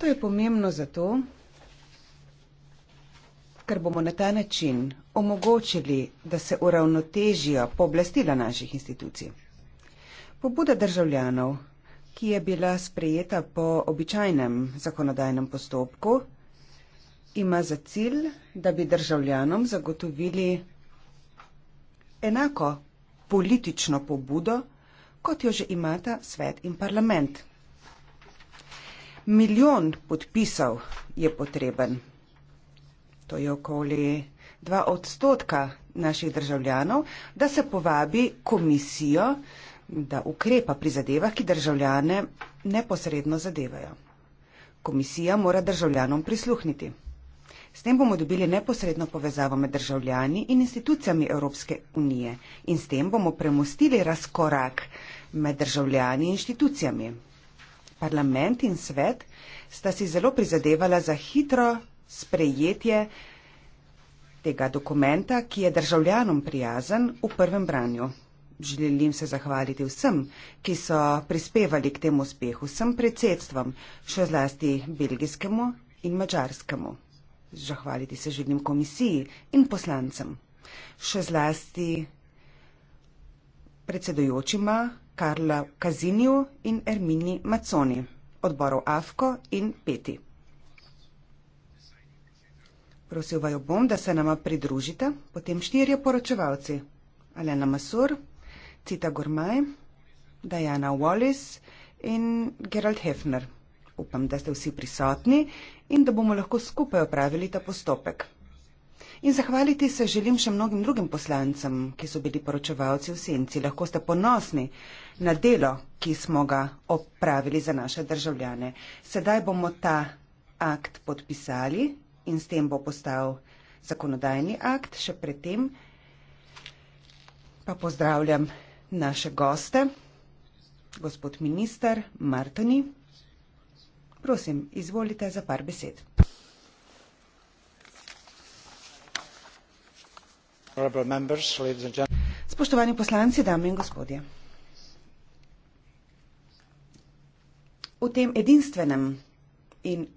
To je pomembno zato, ker bomo na ta način omogočili, da se uravnotežijo pooblastila naših institucij. Pobuda državljanov, ki je bila sprejeta po običajnem zakonodajnem postopku, ima za cilj, da bi državljanom zagotovili enako politično pobudo, kot jo že imata svet in parlament. Milijon podpisov je potreben. To je okoli 2 odstotka naših državljanov, da se povabi komisijo, da ukrepa pri zadevah, ki državljane neposredno zadevajo. Komisija mora državljanom prisluhniti. S tem bomo dobili neposredno povezavo med državljani in institucijami Evropske unije in s tem bomo premustili razkorak med državljani in institucijami parlament in svet sta si zelo prizadevala za hitro sprejetje tega dokumenta, ki je državljanom prijazen v prvem branju. Želim se zahvaliti vsem, ki so prispevali k temu uspehu, vsem predsedstvom, še zlasti belgijskemu in mačarskemu. Zahvaliti se želim komisiji in poslancem, še zlasti predsedujočima Karla Kazinju in Ermini Maconi, odborov AFKO in PETI. Prosil vaju bom, da se nama pridružite, potem štirje poročevalci. Alena Masur, Cita Gormaj, Diana Wallis in Gerald Hefner. Upam, da ste vsi prisotni in da bomo lahko skupaj opravili ta postopek. In zahvaliti se želim še mnogim drugim poslancem, ki so bili poročevalci v senci. Lahko ste ponosni na delo, ki smo ga opravili za naše državljane. Sedaj bomo ta akt podpisali in s tem bo postal zakonodajni akt. Še predtem pa pozdravljam naše goste, gospod minister Martoni. Prosim, izvolite za par besed. Spoštovani poslanci, dame in gospodje. V tem edinstvenem in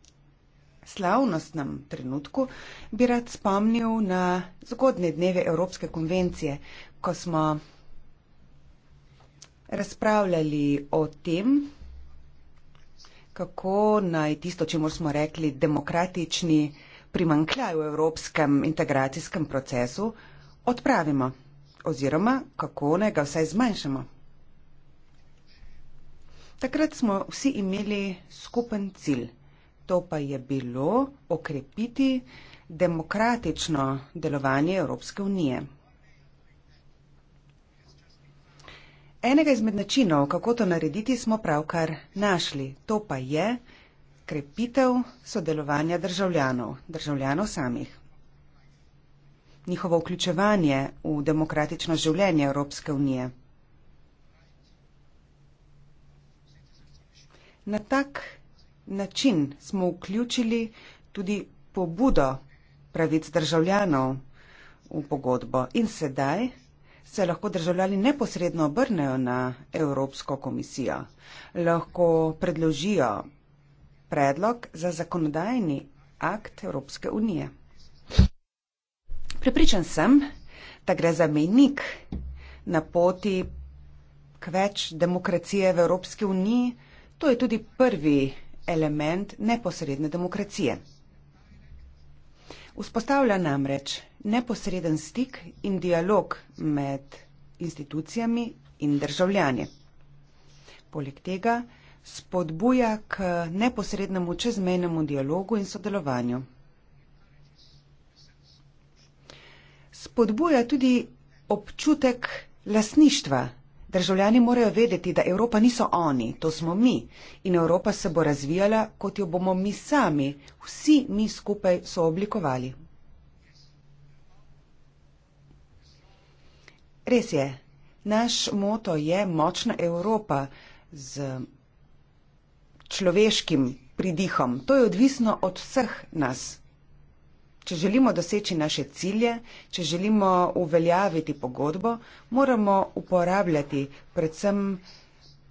slavnostnem trenutku bi rad spomnil na zgodne dneve Evropske konvencije, ko smo razpravljali o tem, kako naj tisto, čemu smo rekli demokratični primankljaj v evropskem integracijskem procesu, odpravimo oziroma kako naj ga vsaj zmanjšamo. Takrat smo vsi imeli skupen cilj. To pa je bilo okrepiti demokratično delovanje Evropske unije. Enega izmed načinov, kako to narediti, smo pravkar našli. To pa je krepitev sodelovanja državljanov, državljanov samih njihovo vključevanje v demokratično življenje Evropske unije. Na tak način smo vključili tudi pobudo pravic državljanov v pogodbo in sedaj se lahko državljani neposredno obrnejo na Evropsko komisijo, lahko predložijo predlog za zakonodajni akt Evropske unije. Pripričan sem, da gre za menik na poti k več demokracije v Evropski uniji. To je tudi prvi element neposredne demokracije. Vzpostavlja namreč neposreden stik in dialog med institucijami in državljanje. Poleg tega spodbuja k neposrednemu čezmejnemu dialogu in sodelovanju. spodbuja tudi občutek lasništva. Državljani morajo vedeti, da Evropa niso oni, to smo mi in Evropa se bo razvijala, kot jo bomo mi sami, vsi mi skupaj sooblikovali. Res je, naš moto je močna Evropa z človeškim pridihom. To je odvisno od vseh nas. Če želimo doseči naše cilje, če želimo uveljaviti pogodbo, moramo uporabljati predvsem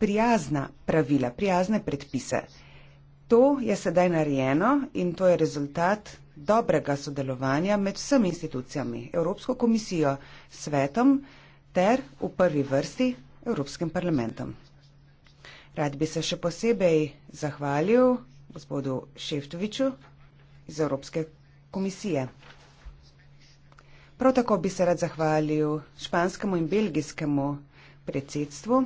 prijazna pravila, prijazne predpise. To je sedaj narejeno in to je rezultat dobrega sodelovanja med vsemi institucijami, Evropsko komisijo, svetom ter v prvi vrsti Evropskim parlamentom. Rad bi se še posebej zahvalil gospodu Šeftoviču iz Evropske komisije komisije. Prav tako bi se rad zahvalil španskemu in belgijskemu predsedstvu,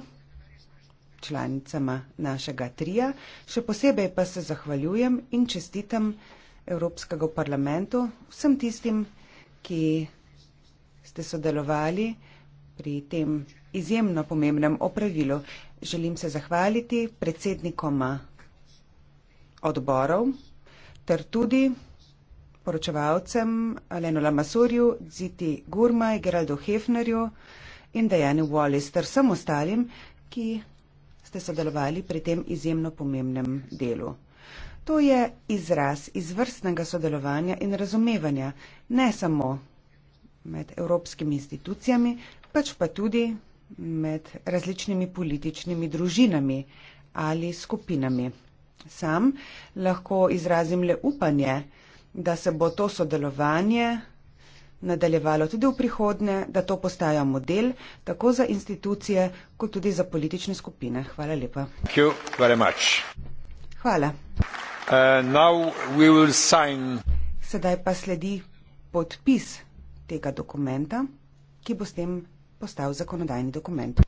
članicama našega trija, še posebej pa se zahvaljujem in čestitam Evropskega parlamentu vsem tistim, ki ste sodelovali pri tem izjemno pomembnem opravilu. Želim se zahvaliti predsednikoma odborov ter tudi poročevalcem Leno Lamasorju, Ziti Gurmaj, Geraldo Hefnerju in Dejanu Wallis ter vsem ostalim, ki ste sodelovali pri tem izjemno pomembnem delu. To je izraz izvrstnega sodelovanja in razumevanja ne samo med evropskimi institucijami, pač pa tudi med različnimi političnimi družinami ali skupinami. Sam lahko izrazim le upanje, da se bo to sodelovanje nadaljevalo tudi v prihodnje, da to postaja model tako za institucije, kot tudi za politične skupine. Hvala lepa. Hvala. Uh, Sedaj pa sledi podpis tega dokumenta, ki bo s tem postal zakonodajni dokument.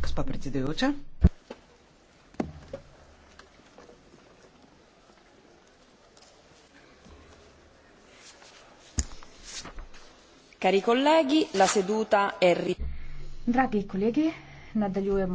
gospa predsedujoča cari colleghi la seduta è ri dragi kolegi nadaljujemo